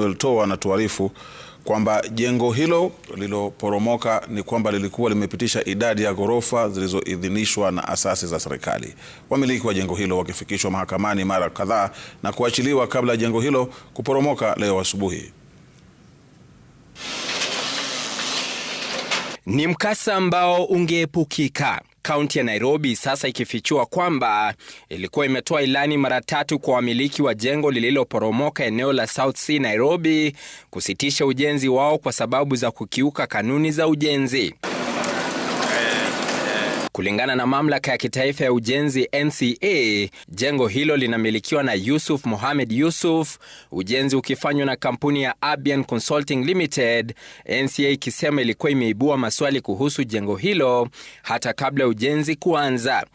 Emmanuel Toa anatuarifu kwamba jengo hilo liloporomoka ni kwamba lilikuwa limepitisha idadi ya ghorofa zilizoidhinishwa na asasi za serikali. Wamiliki wa jengo hilo wakifikishwa mahakamani mara kadhaa na kuachiliwa kabla ya jengo hilo kuporomoka leo asubuhi. Ni mkasa ambao ungeepukika kaunti ya Nairobi sasa ikifichua kwamba ilikuwa imetoa ilani mara tatu kwa wamiliki wa jengo lililoporomoka eneo la South C Nairobi kusitisha ujenzi wao kwa sababu za kukiuka kanuni za ujenzi. Kulingana na mamlaka ya kitaifa ya ujenzi NCA, jengo hilo linamilikiwa na Yusuf Mohamed Yusuf, ujenzi ukifanywa na kampuni ya Abian Consulting Limited, NCA ikisema ilikuwa imeibua maswali kuhusu jengo hilo hata kabla ujenzi kuanza.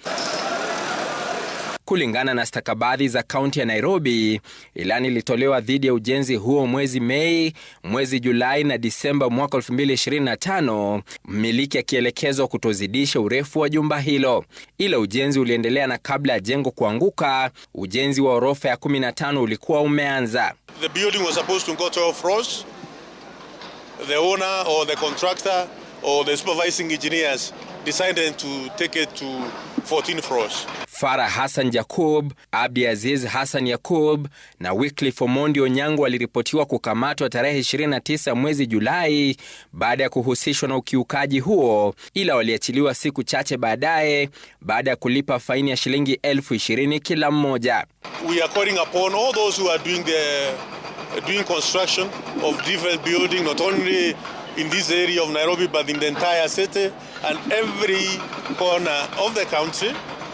Kulingana na stakabadhi za kaunti ya Nairobi, ilani ilitolewa dhidi ya ujenzi huo mwezi Mei, mwezi Julai na Disemba mwaka 2025, mmiliki akielekezwa kutozidisha urefu wa jumba hilo, ila ujenzi uliendelea na kabla ya jengo kuanguka, ujenzi wa orofa ya 15 ulikuwa umeanza. The building was supposed to go floors. The owner or the contractor or the supervising engineers decided to take it to 14 floors. Farah Hassan Jacob, Abdi Aziz Hassan Yacob na Wycliffe Omondi Onyango waliripotiwa kukamatwa tarehe 29 mwezi Julai baada ya kuhusishwa na ukiukaji huo, ila waliachiliwa siku chache baadaye baada ya kulipa faini ya shilingi elfu ishirini kila mmoja. Nairobi,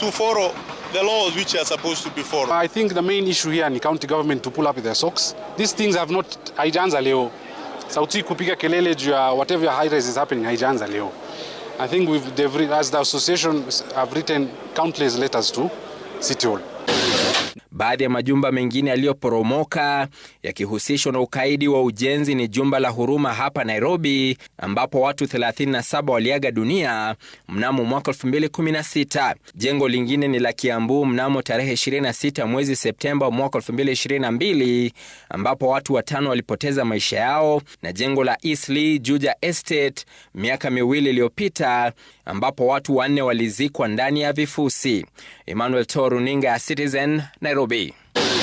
to follow the laws which are supposed to be followed. I think the main issue here ni county government to pull up their socks. These things have not haijaanza leo. Sauti kupiga kelele juu ya whatever high rise is happening haijaanza leo. I think we've, as the association have written countless letters to City Hall. Baadhi ya majumba mengine yaliyoporomoka yakihusishwa na ukaidi wa ujenzi ni jumba la Huruma hapa Nairobi, ambapo watu 37 waliaga dunia mnamo mwaka 2016. Jengo lingine ni la Kiambu mnamo tarehe 26 mwezi Septemba mwaka 2022, ambapo watu watano walipoteza maisha yao, na jengo la Eastleigh Juja Estate miaka miwili iliyopita, ambapo watu wanne walizikwa ndani ya vifusi. Emmanuel Toruninga ya Citizen Nairobi. be.